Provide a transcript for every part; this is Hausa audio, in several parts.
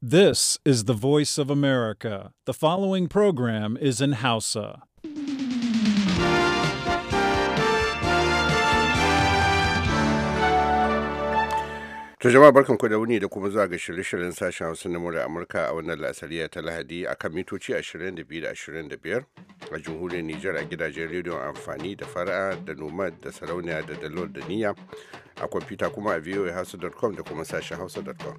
This is the voice of America. The following program is in Hausa. To jama'a barkan ku da wuni da kuma zuwa ga shirye-shiryen sashen Hausa na Murya Amurka a wannan la'asariya ta Lahadi a kan mitoci 22 da 25 a jamhuriyar Nijar a gidajen rediyon amfani da fara'a da nomad da sarauniya da dalol da niyya a kwamfuta kuma a voahasu.com da kuma sashen hausa.com.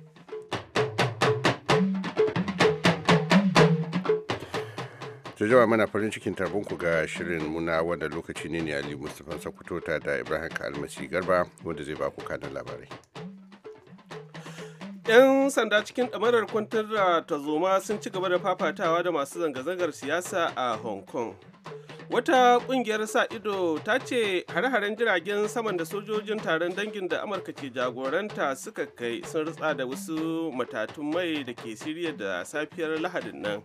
to mana farin cikin ku ga shirin muna wanda lokaci ne ne ali mustapha sakutota da ibrahim kalmasi garba wanda zai ba ku labarai 'yan sanda cikin ɗamarar kwantar da tazoma sun ci gaba da fafatawa da masu zanga-zangar siyasa a hong kong wata kungiyar sa ido ta ce hare-haren jiragen saman da sojojin taron dangin da amurka ke jagoranta suka kai sun rutsa da wasu matatun mai da ke siriya da safiyar lahadin nan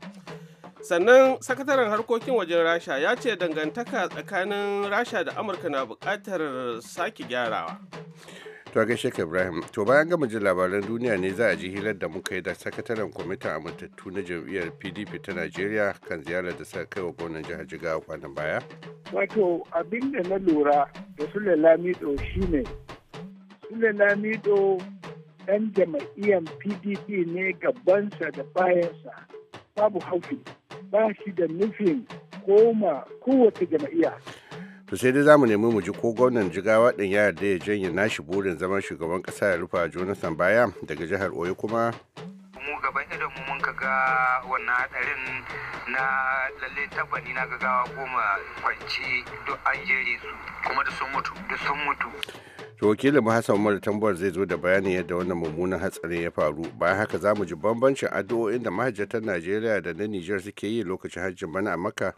sannan sakataren harkokin wajen rasha ya ce dangantaka tsakanin rasha da amurka na bukatar sake gyarawa to ga ka ibrahim to bayan gama jin labaran duniya ne za a ji hirar da muka yi da sakataren kwamitin amintattu na jam'iyyar pdp ta najeriya kan ziyarar da suka kai wa gwamnan jihar jigawa kwanan baya wato abin da na lura da sule lamido shine sule lamido dan jama'iyyar pdp ne gabansa da bayansa babu haufi ba shi da nufin koma kowace jam'iyya. to sai dai mu nemi mu ji ko gwamnan jigawa din ya yarda ya janye nashi burin zaman shugaban kasa ya rufa jonathan baya daga jihar oyo kuma mu gaban idan mu mun ga wannan hadarin na lalle tabbani na gagawa goma kwanci duk an jere su kuma da sun mutu to wakilin hassan umar tambuwar zai zo da bayanin yadda wannan mummunan hatsarin ya faru bayan haka za mu ji bambancin addu'o'in da mahajjatan najeriya da na nijar suke yi lokacin hajjin bana a makka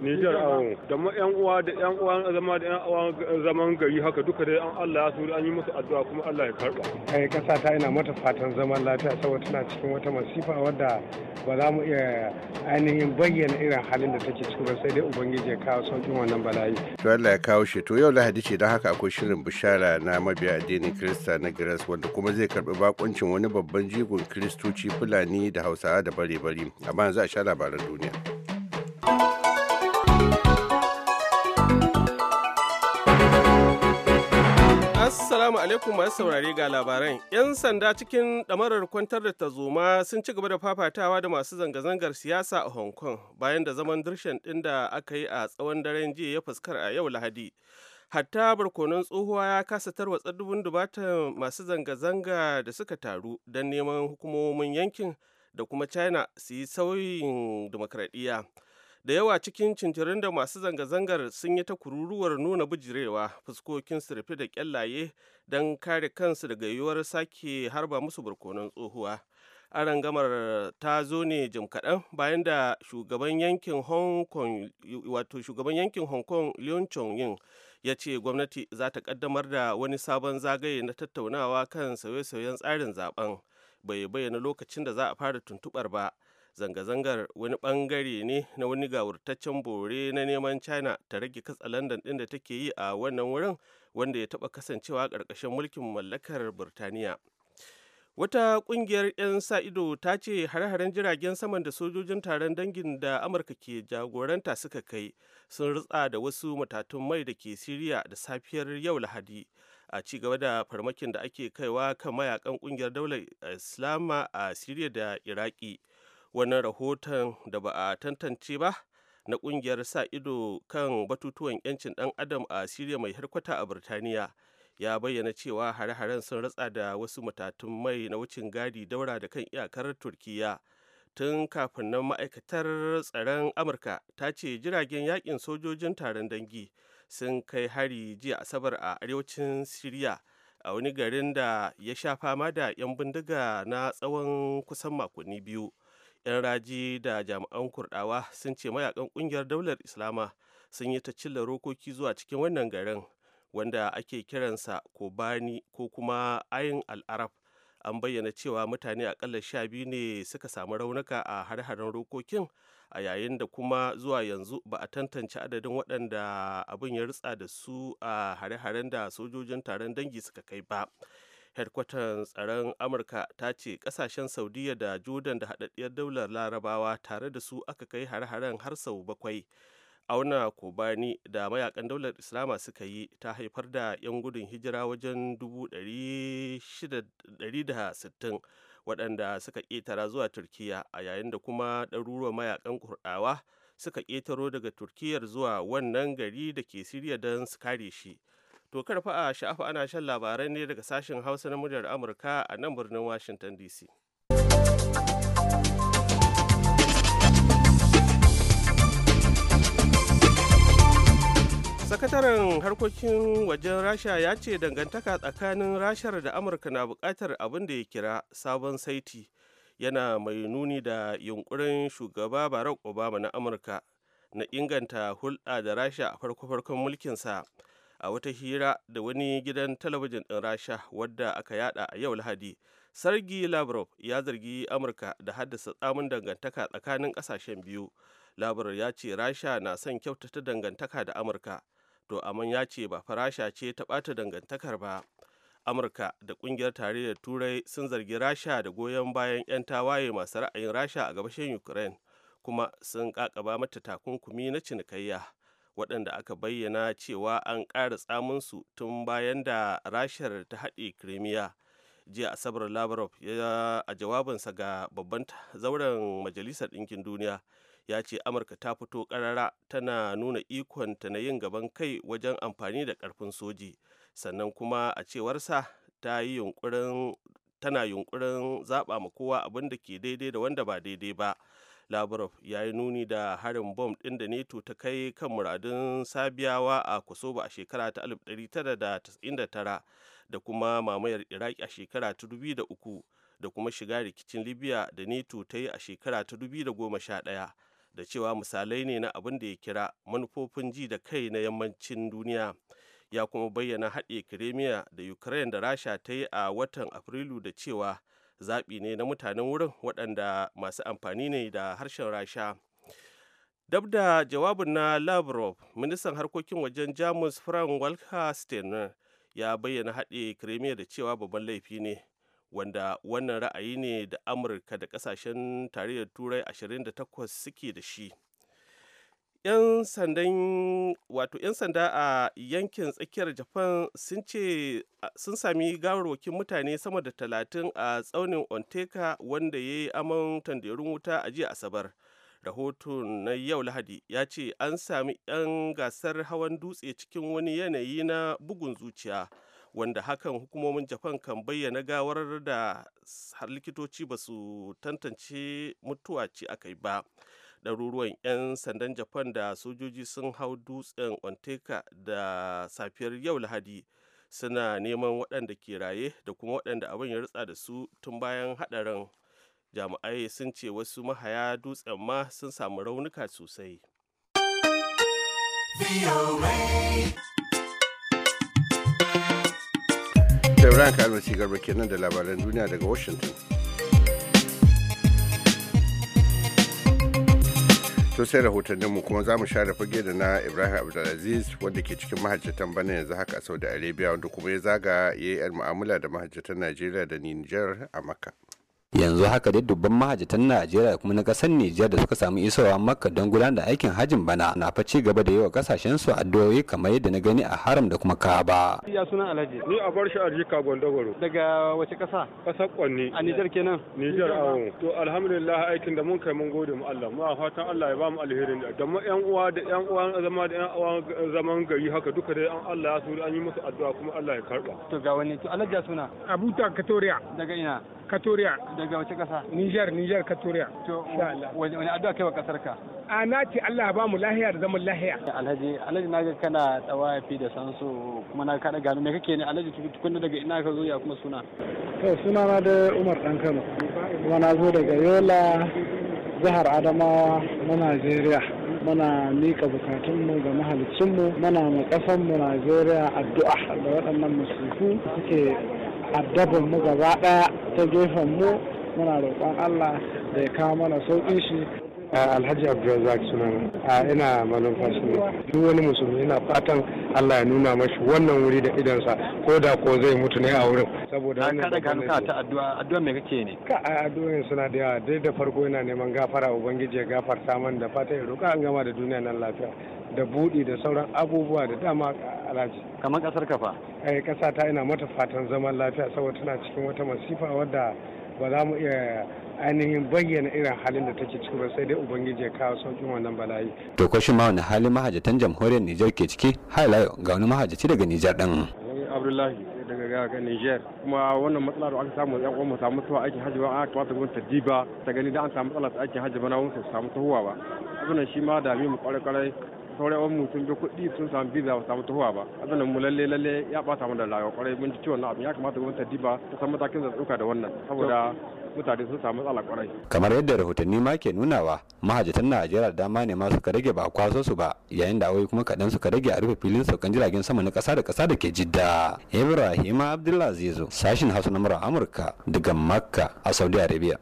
Nijar awo da ma yan uwa da yan uwa zama da yan uwa zaman gari haka duka dai an Allah ya suri an yi musu addu'a kuma Allah ya karba. Kai kasa ta yana mata fatan zaman lafiya saboda tana cikin wata masifa wadda ba za mu iya ainihin bayyana irin halin da take ciki ba sai dai ubangiji ya kawo sauƙin wannan bala'i. To Allah ya kawo shi to yau Lahadi ce don haka akwai shirin bishara na mabiya addinin Kirista na Giras wanda kuma zai karɓi bakuncin wani babban jigon Kiristoci Fulani da Hausawa da bare-bare amma yanzu a sha labaran duniya. Assalamu alaikum masu saurare ga labaran. 'Yan sanda cikin ɗamarar kwantar da tazoma sun ci gaba da fafatawa da masu zanga-zangar siyasa a Hong Kong bayan da zaman dirshan ɗin da aka yi a tsawon daren jiya ya fuskar a yau Lahadi. Hatta barkonon tsohuwa ya kasa tarwa tsadubin dubatan masu zanga-zanga da suka taru don neman hukumomin yankin da kuma China su yi sauyin dimokuraɗiyya. da yawa cikin cincirin da masu zanga-zangar sun yi ta kururuwar nuna bijirewa fuskokin su rufe da kyallaye don kare kansu daga yiwuwar sake harba musu barkonon tsohuwa a rangamar ta zo ne jim kaɗan bayan da shugaban yankin hong kong wato shugaban yankin hong kong leon chong yin ya ce gwamnati za ta kaddamar da wani sabon zagaye na tattaunawa kan sauye-sauyen tsarin zaben bai bayyana lokacin da za a fara tuntuɓar ba zanga-zangar wani bangare ne na wani gawurtaccen bore na neman china ta rage katsalandan din da take yi a wannan wurin wanda ya taba kasancewa ƙarƙashin mulkin mallakar burtaniya wata kungiyar 'yan sa-ido ta ce hare-haren jiragen saman da sojojin taron dangin da amurka ke jagoranta suka kai sun rutsa da wasu matatun mai da ke siriya da safiyar yau lahadi a ci gaba da farmakin da ake kaiwa kan mayakan ƙungiyar daular islama a siriya da iraki wani rahoton da ba a tantance ba na kungiyar sa ido kan batutuwan 'yancin ɗan adam a siriya mai harkwata a birtaniya ya bayyana cewa hare-haren sun ratsa da wasu matatun mai na wucin gadi daura da kan iyakar turkiya tun kafin nan ma'aikatar tsaron amurka ta ce jiragen yakin sojojin taron dangi sun kai hari jiya asabar a arewacin siriya a wani garin da ya sha fama da 'yan bindiga na tsawon kusan makonni biyu 'yan raji da jami'an kurdawa sun ce mayakan kungiyar daular islama sun yi ta cilla rokoki zuwa cikin wannan garin wanda ake kiransa kobani ko kuma ayin al'arab an bayyana cewa mutane akalla sha biyu ne suka samu raunuka a har-haren rokokin a yayin da kuma zuwa yanzu ba a tantance adadin waɗanda abin ya ritsa da su a hare-haren da sojojin taron dangi suka kai ba hedkwatan tsaron amurka ta ce kasashen saudiya da jordan da haɗaɗɗiyar daular larabawa tare da su aka kai har haren har sau bakwai auna kobani da mayakan daular islama suka yi ta haifar da 'yan gudun hijira wajen 660 waɗanda suka ƙetara zuwa turkiya a yayin da kuma ɗaruruwan mayakan kurɗawa suka ƙetaro daga turkiyar zuwa wannan gari da ke siriya don su kare shi To karfa a sha'afa ana shan labarai ne daga sashen Hausa na muryar Amurka a nan birnin Washington DC. sakataren harkokin wajen rasha ya ce dangantaka tsakanin rashar da amurka na bukatar abin da ya kira sabon saiti yana mai nuni da yunkurin shugaba barack obama na amurka na inganta hulɗa da rasha a farko-farkon mulkinsa a wata hira da wani gidan talabijin ɗin rasha wadda aka yada a yau lahadi sargi lavrov ya zargi amurka da haddasa tsamin dangantaka tsakanin ƙasashen biyu lavrov ya ce rasha na son kyautata dangantaka da amurka to amma ya ce ba farasha ce ta ɓata dangantakar ba amurka da ƙungiyar tarayyar turai sun zargi rasha da goyon bayan 'yan tawaye masu ra'ayin rasha a gabashin ukraine kuma sun ƙaƙaba mata takunkumi na cinikayya waɗanda aka bayyana cewa an ƙara tsamunsu tun bayan da rashar ta haɗe krimiya jiya asabar ya a jawabinsa ga babban zauren majalisar ɗinkin duniya ya ce amurka ta fito ƙarara tana nuna ikonta na yin gaban kai wajen amfani da ƙarfin soji sannan kuma a cewarsa ta yi yunkurin tana yunkurin zaɓa ma kowa abin da ke daidai da wanda ba daidai ba lavrov ya yi nuni da harin bom ɗin da neto ta kai kan muradun sabiyawa a kosovo a shekara ta 1999 da kuma mamayar iraki a shekara ta 2003 da kuma shiga rikicin libya da neto ta yi a shekara ta 2011 da cewa misalai ne na abin da ya kira manufofin ji da kai na yammacin duniya ya kuma bayyana haɗe kiremiya da ukraine da rasha ta yi a watan afrilu da cewa zaɓi ne na mutanen wurin waɗanda masu amfani ne da harshen rasha dab da jawabin na lavrov ministan harkokin wajen jamus frank walkerstein ya bayyana haɗe kremiya da cewa babban laifi ne wanda wannan ra'ayi ne da amurka da ƙasashen tarayyar turai 28 suke da shi 'yan sandan 'yan sanda a yankin tsakiyar japan sun ce sun sami gawarwakin mutane sama da talatin a tsaunin onteka wanda ya yi aman wuta a jiya asabar rahoton na yau lahadi ya ce an sami 'yan gasar hawan dutse cikin wani yanayi na bugun zuciya wanda hakan hukumomin japan kan bayyana gawar da likitoci ba su tantance mutuwa ce aka yi ba ɗaruruwan 'yan sandan japan da sojoji sun hau dutsen onteka da safiyar yau lahadi suna neman waɗanda ke raye da kuma waɗanda abin ya rutsa da su tun bayan haɗarin jami'ai sun ce wasu mahaya dutsen ma sun samu raunuka sosai Ibrahim Kalmasi Garba nan da labaran duniya daga Washington. sosai sai rahotanninmu kuma za mu share fage da na ibrahim abdulaziz wanda ke cikin mahajjatan bana yanzu haka a saudi arabia wanda kuma ya zaga ya yi mu'amala da mahajjatan najeriya da niger a makka yanzu haka dai dubban mahajjatan najeriya kuma na kasar nijar da suka samu isowa makka don gudanar da aikin hajjin bana na fa ci gaba da yawa kasashen su addu'o'i kamar yadda na gani a haram da kuma kaaba ya suna alhaji ni a bar shi a jika gondogoro daga wace kasa kasar kwanni a nijar kenan nijar awo to alhamdulillah aikin da mun kai mun gode mu allah mu a fatan allah ya ba mu alheri da mu yan uwa da yan uwa zama da yan uwa zaman gari haka duka dai an allah ya suri an yi musu addu'a kuma allah ya karba to ga wani to alhaji suna abuta katoriya daga ina Katoriya. Daga wace kasa? Niger, Niger Katoriya. To, wani addu'a kai wa kasar ka? A na ce Allah ba mu lahiya da zaman lahiya. Alhaji, Alhaji na ga kana tsawafi da sansu kuma na kada gano me kake ne Alhaji tukunna daga ina ka zo ya kuma suna? To, suna na da Umar Dan Kano. Kuma na zo daga Yola jihar Adamawa na Najeriya. Muna miƙa bukatunmu ga mahalicinmu, muna ma ƙasanmu Najeriya addu'a da waɗannan musulku suke addabin mu gaba ɗaya ta gefen mu muna roƙon Allah da ya kawo mana sauƙin shi alhaji abdulrazak suna a ina malumfashi ne duk wani musulmi ina fatan allah ya nuna mashi wannan wuri da idansa ko da ko zai mutu ne a wurin saboda wannan kada ka ta addu'a addu'a me kake ne ka addu'o'in suna da yawa dai da farko ina neman gafara ubangiji ya gafarta man da fata ya roƙa an gama da duniya nan lafiya da buɗi da sauran abubuwa da dama alhaji kamar kasar kafa eh kasa ta ina mata fatan zaman lafiya saboda tana cikin wata masifa wadda ba za mu iya ainihin bayyana irin halin da take ciki ba sai dai ubangiji ya kawo saukin wannan bala'i to ko shi ma wani halin mahajjatan jamhuriyar Nijar ke ciki halayo ga wani mahajjaci daga Nijar din Abdullahi daga ga Niger kuma wannan matsala da aka samu yan ya kuma samu tuwa aikin hajji ba a aka ta gwamnati ta ba ta gani da an samu matsala ta aikin hajji ba na wani samu tuwa ba abin shi ma da mu kwarai kwarai sauraron wani mutum ji kuɗi sun samu visa ba samu tuhuwa ba azanin mu lalle lalle ya ɓata mu da rayuwa kwarai mun ji ciwon abin ya kamata gwamnati ta diba ta san matakin da tsuka da wannan saboda mutane sun samu matsala kwarai. Kamar yadda rahotanni ma ke nunawa mahajjatan Najeriya da dama ne ma suka rage ba kwaso su ba yayin da awai kuma kaɗan suka rage a rufe filin saukan jiragen sama na ƙasa da ƙasa da ke jidda. Ibrahim Abdullah Zizo sashin Hausa na Amurka daga Makka a Saudi Arabia.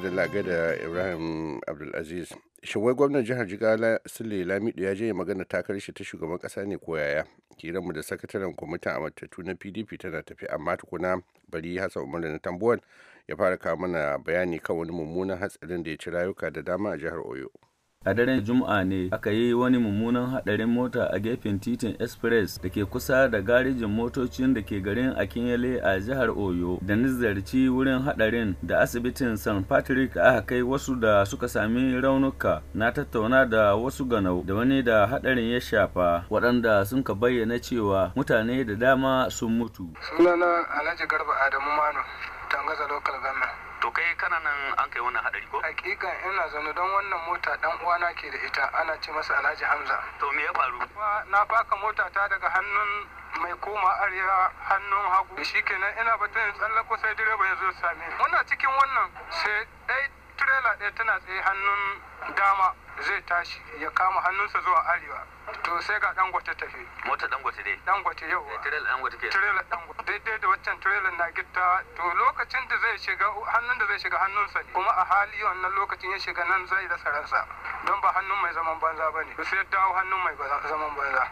madalla da ibrahim abdulaziz Shawai gwamnan jihar jigawa sule lamido ya je magana takar shi ta shugaban kasa ne ko yaya kiran mu da sakataren kwamitin amintattu na pdp tana tafi amma tukuna bari hassan umar na tambuwan ya fara kawo mana bayani kan wani mummunan hatsarin da ya ci rayuka da dama a jihar oyo a daren juma'a ne aka yi wani mummunan hadarin mota a gefen titin express da ke kusa da garejin motocin da ke garin akinyele a jihar oyo da nazarci wurin hadarin da asibitin st patrick aka kai wasu da suka sami raunuka na tattauna da wasu ganau da wani da hadarin ya shafa waɗanda sun ka bayyana cewa mutane da dama sun mutu sunana alhaji garba adamu manu tangaza local government to kai kana nan an kai wannan hadari ko hakika ina zaune don wannan mota dan uwana ke da ita ana ce masa Alhaji Hamza to me ya faru na baka mota ta daga hannun mai koma arewa hannun hagu shi kenan ina batun tsallako sai direba ya zo same muna cikin wannan sai dai tirela ɗaya tana tsaye hannun dama zai tashi ya kama hannunsa zuwa arewa to sai ga dangote tafi mota dangote dai dangote yau eh, tirela dangote ke tirela dangote daidai da waccan tirela na gitta to lokacin da zai shiga hannun da zai shiga hannunsa ne kuma a hali wannan lokacin ya shiga nan zai rasa ransa don ba hannun mai zaman banza ba ne sai dawo hannun mai zaman banza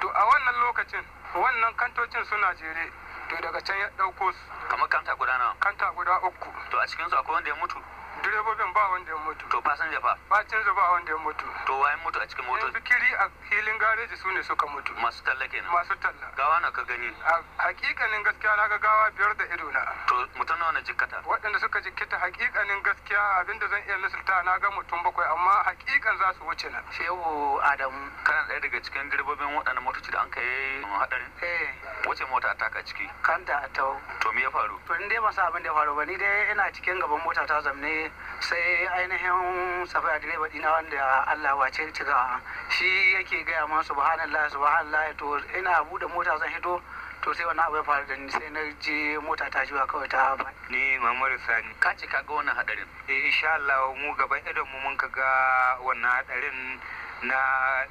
to a wannan lokacin wannan kantocin suna jere to daga can ya ɗauko su kamar kanta guda nawa kanta guda uku to a cikinsu akwai wanda ya mutu direbobin ba wanda ya mutu to fasinja ba. fasinja ba wanda ya mutu to wayan mutu a cikin motoci fikiri a filin gareji su ne suka mutu masu talla kenan masu talla gawa na ka gani a hakikanin gaskiya na ga gawa biyar da ido na to mutum nawa na jikkata waɗanda suka jikkata hakikanin gaskiya abinda zan iya lissafta na ga mutum bakwai amma hakikan za su wuce na shehu adamu kana ɗaya daga cikin direbobin waɗannan motoci da an ka yi. haɗarin eh wace mota ta ka ciki kanta ta to me ya faru to ni dai ban san abin da ya faru ba ni dai ina cikin gaban mota ta zamne sai ainihin safiya direba dina wanda Allah wace cika shi yake gaya ma subhanallah subhanallah to ina bude mota zan hito to sai wannan abu ya faru da ni sai na je mota ta jiwa kawai ta ba ni Muhammadu Sani ka ce ka ga wannan hadarin eh insha Allah mu gaban idan mu mun kaga wannan hadarin na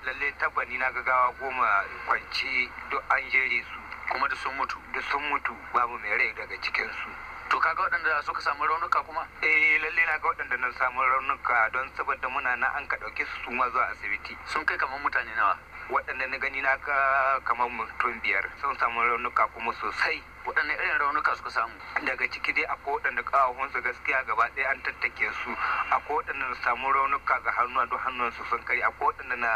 lalle tabbani na gagawa goma kwanci duk an jere su kuma da sun mutu da sun mutu babu mai rai daga cikin su to kaga waɗanda suka samu raunuka kuma eh lalle na ga waɗanda na samu raunuka don saboda muna na an ka ɗauke su suma ma zuwa asibiti sun kai kamar mutane nawa waɗanda na gani na kamar mutum biyar sun samu raunuka kuma sosai waɗannan irin raunuka suka samu daga ciki dai akwai waɗanda ƙawahunsu gaskiya gaba ɗaya an tattake su akwai waɗanda samu raunuka ga hannu don hannunsu sun kai akwai waɗanda na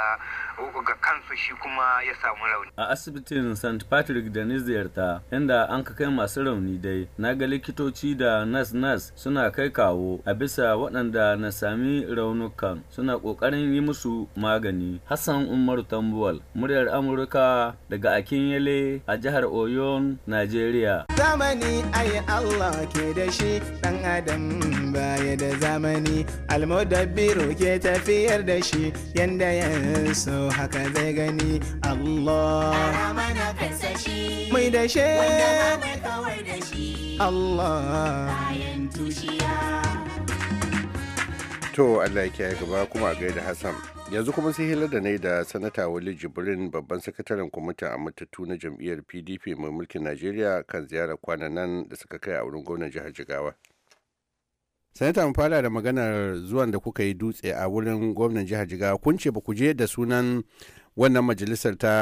ga kansu shi kuma ya samu rauni. a asibitin st patrick da ni ziyarta inda an ka kai masu rauni dai na ga likitoci da nas nas suna kai kawo a bisa waɗanda na sami raunukan suna ƙoƙarin yi musu magani hassan umaru tambuwal muryar amurka daga akinyele a jihar Oyo najeriya Najeriya. Zamani ayi Allah ke da shi ɗan adam baya da zamani Almodabiro ke tafiyar da shi yanda ya so haka zai gani Allah. Mai da shi. Allah. To Allah ya kiyaye gaba kuma a gaida Hassan. yanzu kuma sai hila da da sanata wali jibrin babban sakataren kwamitin a matattu na jam'iyyar pdp mai mulkin najeriya kan ziyarar kwanan nan da suka kai a wurin gwamnan jihar jigawa sanata mu fara da maganar zuwan da kuka yi dutse a wurin gwamnan jihar jigawa kun ce ba ku je da sunan wannan majalisar ta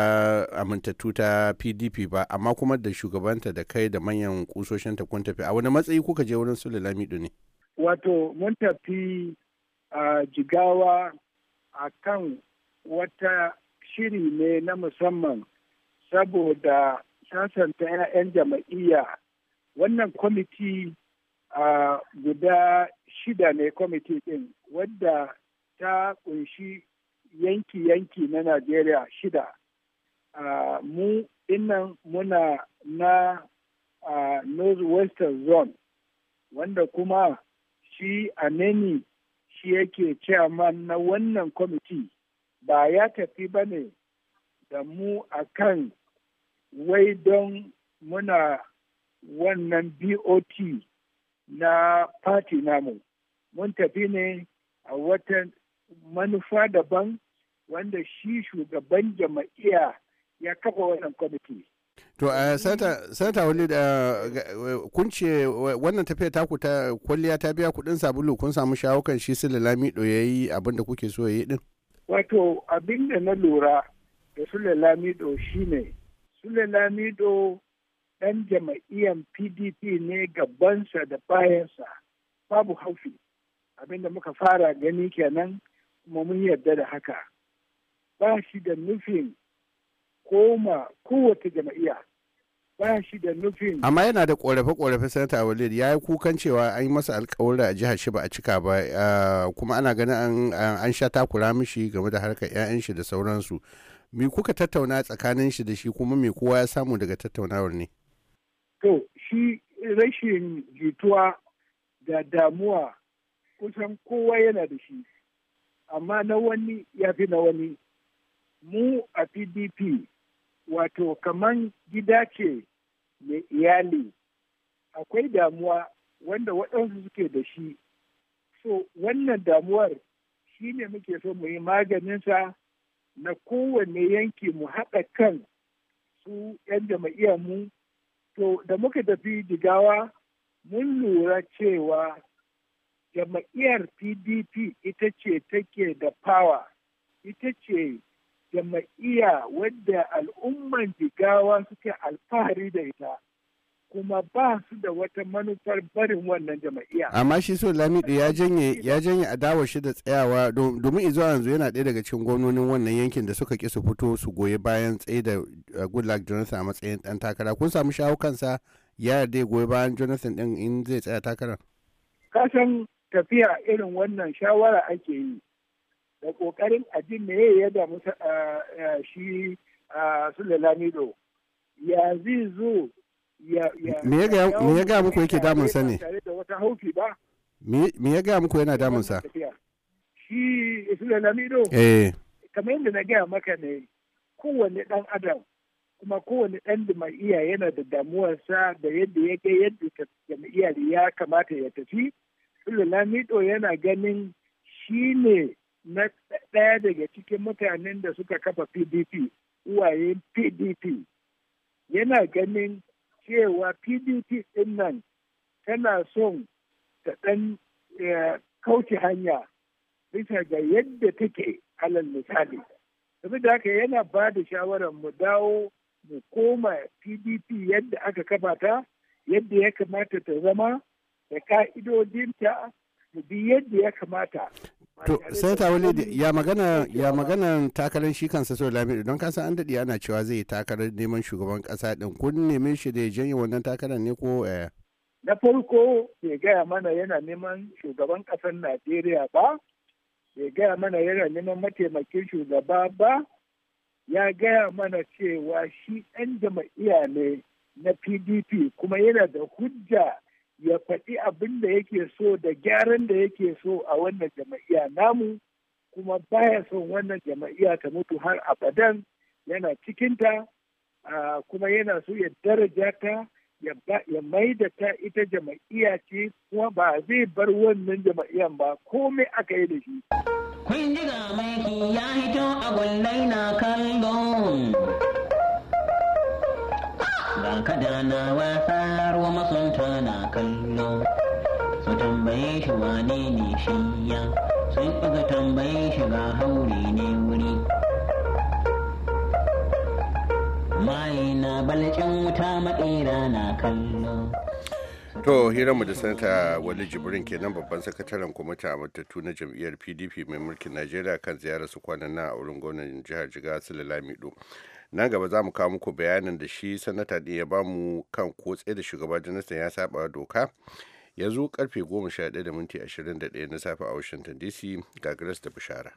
amintattu ta pdp ba amma kuma da shugabanta da kai da manyan kusoshin ta kun tafi a wani matsayi kuka je wurin su ne wato mun tafi a ah, jigawa a kan wata shiri ne na musamman saboda sasanta 'ya'yan jama'iyya wannan kwamiti a guda shida ne kwamiti ɗin wadda ta kunshi yanki-yanki na najeriya shida mu ina muna na north western zone wanda kuma shi a nani. shi yake chairman na wannan kwamiti ba ya tafi ba ne da mu a kan wai don muna wannan bot na fati namu mun tafi ne a wata manufa daban wanda shi shugaban jama'iya ya kafa wannan kwamiti to a eh, sata wani da eh, kunce wannan tafiya ta ku ta kwalliya ta biya kudin sabulu kun samu shawukan shi su lalami ya yi abin da kuke so ya yi din wato abin na lura da su shi ne su lalamido dan jama'iyyar pdp ne gabansa da bayansa babu haufi abinda muka fara gani kenan kuma mun yarda da haka ba shi da nufin koma kowace jama'iya ba shi da nufin. Amma yana da korafe-korafe Sanata Walid ya yi kukan cewa an yi masa alkawarin a jihar shi ba a cika ba kuma ana ganin an sha takura mishi game da harkar 'ya'yan shi da sauransu. Me kuka tattauna tsakanin shi da shi kuma me kowa ya samu daga tattaunawar ne? To, shi rashin jituwa da damuwa kusan kowa yana da shi, amma na wani ya fi na wani. Mu a PDP wato kaman gida ce mai iyali akwai damuwa wanda waɗansu suke da shi so wannan damuwar shi ne muke so mu yi maganinsa na kowane yanki mu haɗa kan su 'yan jama'iyyar mu to da muka tafi jigawa mun lura cewa jama'iyyar pdp ita ce take da power ita ce jama'iyya wadda al'umman jigawa suke alfahari da ita kuma ba su da wata manufar barin wannan jama'iyya. Amma shi so Lamido ya janye ya janye adawar shi da tsayawa domin izo yanzu yana ɗaya daga cikin gwamnonin wannan yankin da suka ki su fito su goyi bayan tsaye da uh, Goodluck Jonathan a matsayin ɗan takara. Kun samu shawo kansa ya yarda ya goyi bayan Jonathan ɗin in zai tsaya takara. Kasan tafiya irin wannan shawara ake yi. da kokarin ajin me ya damu shi Sule Lamido. Ya zai zo Me ya gaya muku yake damunsa ne? Me ya gaya muku yana damunsa? Shi Sule Lamido? Eh. Kamar yadda na gaya maka ne, kowane dan adam kuma kowane mai iya yana da damuwarsa da yadda ya ga yadda iyali ya kamata ya tafi. Sule Lamido yana ganin shi ne na ɗaya daga cikin mutanen da suka kafa pdp uwaye pdp yana ganin cewa pdp ɗin nan tana son ta ɗan kauce hanya bisa ga yadda take alal misali saboda haka yana ba da shawarar mu dawo mu koma pdp yadda aka kafa ta yadda ya kamata ta zama da ka'idodinta su bi yadda ya kamata to ta wale ya magana ya magana takarar shi kansa so lamido don kasa an daɗe ana cewa zai takarar neman shugaban kasa ɗin kun neme shi da ya janye wannan takarar ne ko eh? na farko bai gaya mana yana neman shugaban kasar najeriya ba bai gaya mana yana neman mataimakin shugaba ba ya gaya mana cewa shi ɗan jama'iya ne na pdp kuma yana da hujja ya faɗi abin da yake so da gyaran da yake so a wannan jama'iya namu kuma baya son wannan jama'iya ta mutu har abadan yana cikinta kuma yana so ya daraja ta ya da ta ita jama'iya ce kuma ba zai bar wannan jama'iyan ba komai aka yi da shi. Kun ji ga mai ya hito a gullai na kallon. ga kada na sallar wa masunta na kallo su tambaye shi wane ne shiya sun ɗaga tambaye shi ga haure ne wuri mai na balcin wuta maƙera na kallo To mu da sanata Wali Jibrin kenan babban sakataren kwamita matattu na jam'iyyar PDP mai mulkin Najeriya kan ziyarar su kwanan na a wurin gwamnan jihar jiga Sule Lamido. Nan gaba za mu kawo muku bayanin da shi sanata ɗin ya ba mu kan kotse da shugaba Jonathan ya saba doka. Yanzu karfe goma ɗaya da minti ashirin da ɗaya na safe a Washington DC ga da Bishara.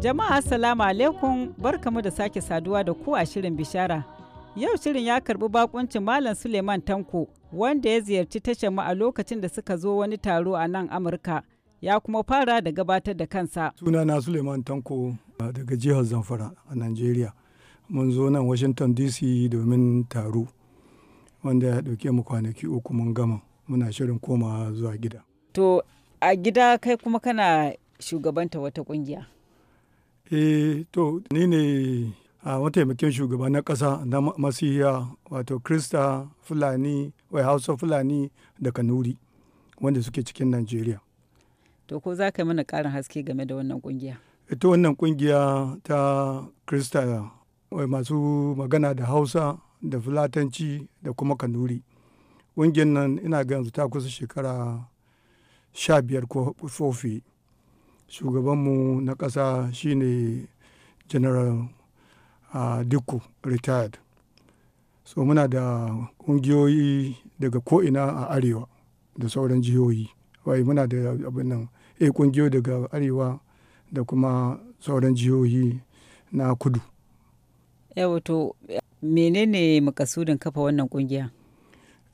Jama'a Assalamu alaikum barkamu da sake saduwa da ku a shirin bishara. Yau shirin ya karbi bakuncin Malam Suleiman Tanko wanda ya ziyarci tashar mu a lokacin da suka zo wani taro a nan Amurka. Ya kuma fara da gabatar da kansa. Sunana Suleiman Tanko daga jihar Zamfara a Najeriya. Mun zo nan Washington DC domin taro wanda ya ɗauke mu kwanaki uku mun gama muna shirin komawa zuwa gida. To a gida kai kuma kana shugabanta wata ƙungiya Eh to ni ne a mataimakin shugaba na ƙasa na masihiya wato Krista Fulani, wai Hausa Fulani da Kanuri wanda suke cikin nigeria. To ko za ka mana ƙarin haske game da wannan ƙungiya? Ita wannan ƙungiya ta Krista wai masu magana da Hausa da Fulatanci da kuma Kanuri. Ƙungiyar nan ina ga yanzu ta kusa shekara sha biyar ko fofi. shugabanmu na ƙasa shine general uh, retired so muna da ƙungiyoyi daga ko'ina a arewa da sauran jihohi wai muna da abin nan e ƙungiyoyi daga arewa da kuma sauran jihohi na kudu yawato menene makasudin kafa wannan ƙungiya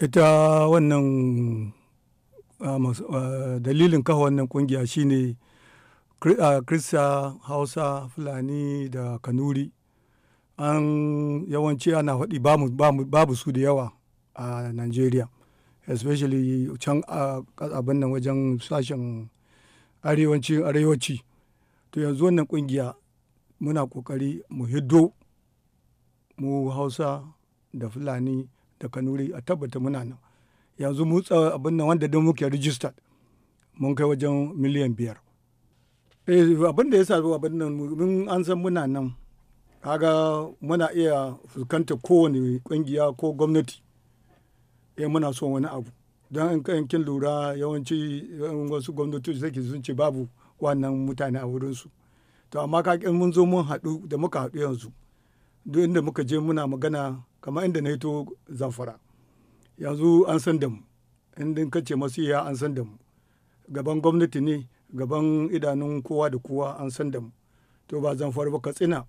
ita wannan dalilin kafa wannan ƙungiya shine ne Ah, krista hausa fulani da kanuri an yawanci ana faɗi babu su da yawa a nigeria especially can abin nan wajen sashen arewaci arewaci to yanzu wannan kungiya muna kokari mu hiddo mu hausa da fulani da kanuri a tabbata muna nan yanzu mu abin nan wanda don muke registered mun kai wajen miliyan biyar Eh, abin da ya sa abin nan mun an san muna nan kaga muna iya fuskantar kowane kungiya ko gwamnati eh muna son wani abu don in kin lura yawanci eh, wasu gwamnati suke sun ce babu wannan mutane a wurinsu to amma ka mun zo mun haɗu da muka haɗu yanzu duk inda muka je muna magana kamar inda na yi to zamfara yanzu an san da mu inda ka ce masu iya an san da mu gaban gwamnati ne gaban idanun kowa da kowa an san da mu to ba zan faru ba katsina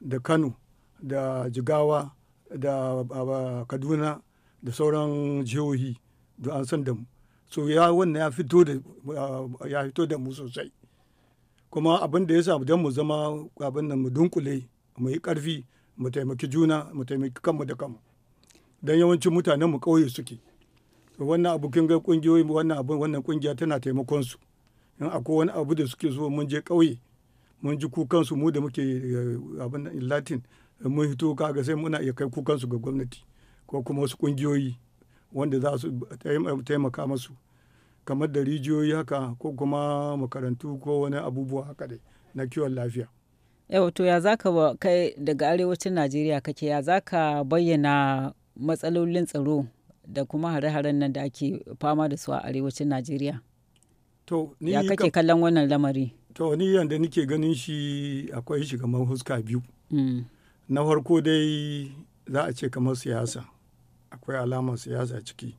da kano da jigawa da kaduna da sauran jihohi da an san da mu so ya wannan ya fito da ya fito da mu sosai kuma abin da ya sa don mu zama abin nan mu dunkule mu yi karfi mu taimaki juna mu taimaki kanmu da kanmu don yawancin mutanen mu ƙauye suke wannan abokin ga kungiyoyi wannan abin wannan kungiya tana taimakon su in akwai wani abu da suke zo mun je ƙauye mun ji kukansu mu da muke eh, abin latin mun hito kaga sai muna iya kai kukansu ga gwamnati ko kuma wasu ƙungiyoyi wanda za su taimaka masu kamar da rijiyoyi haka ko kuma makarantu ko wani abubuwa haka dai na kiwon lafiya. Yau to ya zaka kai daga arewacin Najeriya kake ya zaka bayyana matsalolin tsaro da kuma hare-haren nan da ake fama da su a arewacin Najeriya? To, ni ya kake kallon wannan lamari? To, ni yadda nike ganin shi akwai shi kamar huska biyu. Mm. Na farko dai za a ce kamar siyasa, akwai alamar siyasa ciki.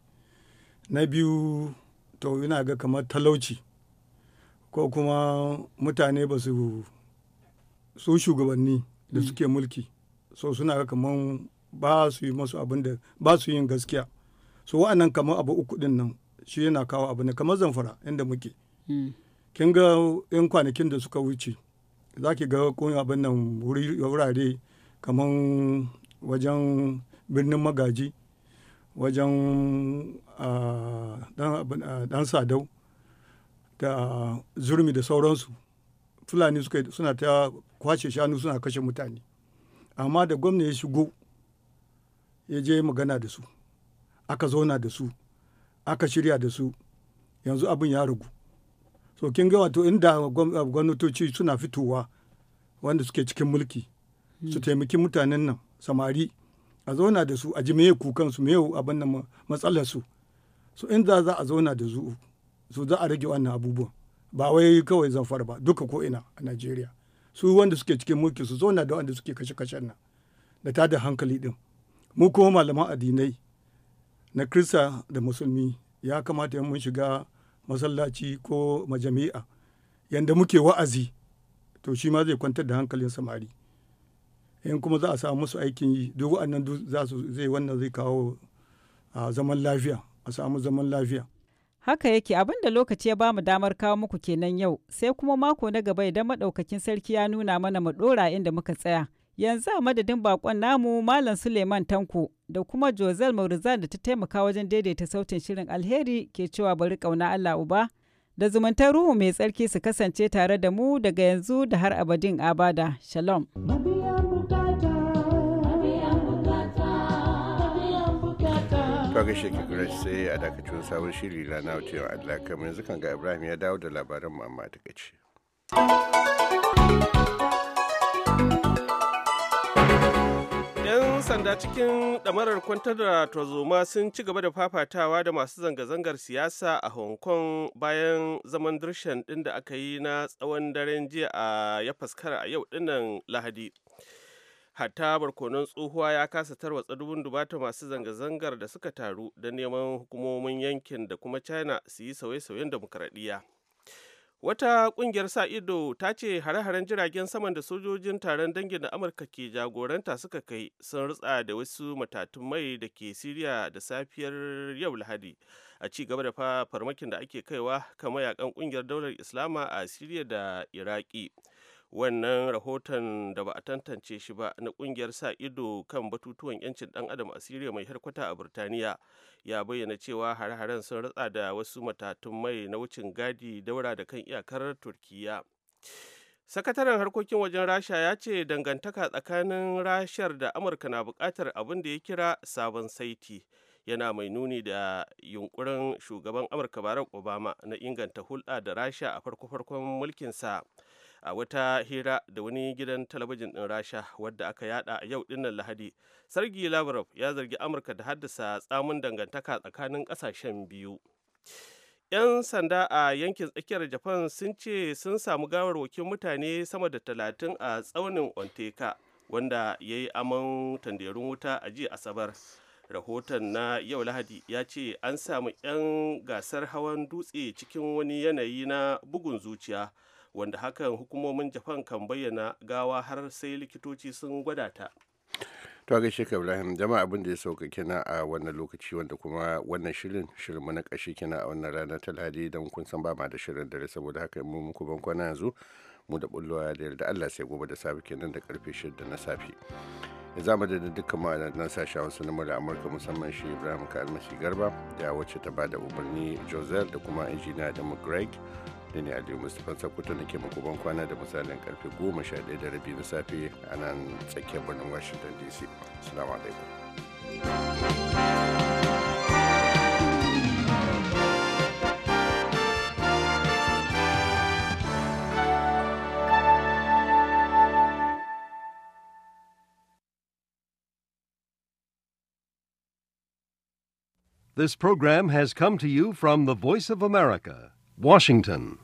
Na biyu, to ina ga kamar talauci, ko kuma mutane ba su su shugabanni da mm. suke mulki, so suna ga kamar ba su yi masu abin da ba su yin gaskiya. So wa'annan kamar abu uku din nan shi yana kawo abu ne kamar zamfara inda muke hmm. kin ga yan kwanakin da suka wuce za ki ga kun abin nan wurare kamar wajen birnin magaji wajen dan sadau da zurmi da sauransu fulani suna ta kwace shanu suna kashe mutane amma da gwamna ya shigo ya je magana da su aka zauna da su aka shirya da su yanzu abin ya ragu so kin ga wato inda gwamnatoci suna fitowa wanda suke cikin mulki hmm. su taimaki mutanen nan samari a zauna da su a ji meye kukan su meye abin nan matsalar su so inda za a zauna da su su za a rage wannan abubuwan ba wai kawai zamfara ba duka ko ina a Najeriya su wanda suke cikin mulki su zauna da wanda suke kashe-kashen nan da tada hankali din mu kuma malaman addinai na krista da musulmi ya kamata mun shiga masallaci ko majami'a yanda muke wa'azi to shi ma zai kwantar da hankalin samari in kuma za a samu musu aikin yi duk wa'annan za su zai wannan zai kawo a zaman lafiya a samu zaman lafiya haka yake abin da lokaci ya ba mu damar kawo muku kenan yau sai kuma mako na gaba idan madaukakin sarki ya nuna mana mu dora inda muka tsaya yanzu a madadin bakon namu malam suleiman tanko da kuma Josel Maurizan da ta taimaka wajen daidaita sautin shirin alheri ke cewa bari kauna Allah Uba da zumuntar ruhu mai tsarki su kasance tare da mu daga yanzu da har abadin abada. Shalom. Kaga shekaru sai a dakacin sabon shiri lana wucewa Allah kamar yanzu kan ga Ibrahim ya dawo da labaran mu amma ta kace. 'Yan sanda cikin damarar kwantar da tarzoma sun ci gaba da fafatawa da masu zanga-zangar siyasa a Hong Kong bayan zaman dirshan ɗin da aka yi na tsawon daren jiya a ya faskara a yau ɗinnan Lahadi. Hatta barkonon tsohuwa ya kasa tarwatsa dubun dubata masu zanga-zangar da suka taru don neman hukumomin yankin da kuma China su yi sauye-sauyen demokaradiyya. Wata kungiyar sa ido ta ce hare-haren jiragen saman da sojojin taron dangin da Amurka ke jagoranta suka kai sun rutsa da wasu matatun mai da ke Siriya da safiyar yau Lahadi. A ci gaba da farmakin da ake kaiwa kan mayakan kungiyar daular Islama a Siriya da Iraki. wannan rahoton da ba a tantance shi ba na kungiyar sa ido kan batutuwan yancin dan adam a siriya mai harkwata a burtaniya ya bayyana cewa hare-haren sun ratsa da wasu matatun mai na wucin gadi daura da kan iyakar turkiya sakataren harkokin wajen rasha ya ce dangantaka tsakanin rashar da amurka na bukatar abin da ya kira sabon saiti yana mai nuni da yunkurin shugaban amurka barack obama na inganta hulɗa da rasha a farko-farkon mulkinsa a wata hira da wani gidan talabijin ɗin rasha wadda aka yada a yau dinnan lahadi sargi lavrov ya zargi amurka da haddasa tsamin dangantaka tsakanin ƙasashen biyu 'yan sanda a yankin tsakiyar japan sun ce sun samu gawarwakin mutane sama da talatin a tsaunin onteka wanda ya yi aman tanderun wuta a jiya asabar rahoton na yau lahadi ya ce an samu 'yan gasar hawan dutse cikin wani yanayi na bugun zuciya wanda hakan hukumomin japan kan bayyana gawa har sai likitoci sun gwada ta to gaishe ka ibrahim jama'a abin da ya sauka kina a wannan lokaci wanda kuma wannan shirin shirin na kashe kina a wannan ranar ta lahadi don kun san ba ma da shirin dare saboda haka mu muku ban kwana yanzu mu da bullowa da yarda Allah sai gobe da safe kenan da karfe 6 na safe ya zama da dukkan na sashen wasu na murya amurka musamman shi ibrahim kalmasi garba da wacce ta bada umarni joseph da kuma injiniya da greg da ne aliyu mustapha na ke kwana da misalin karfe na safe a nan tsakiyar birnin washington dc salamu alaikum This program has come to you from the Voice of America, Washington.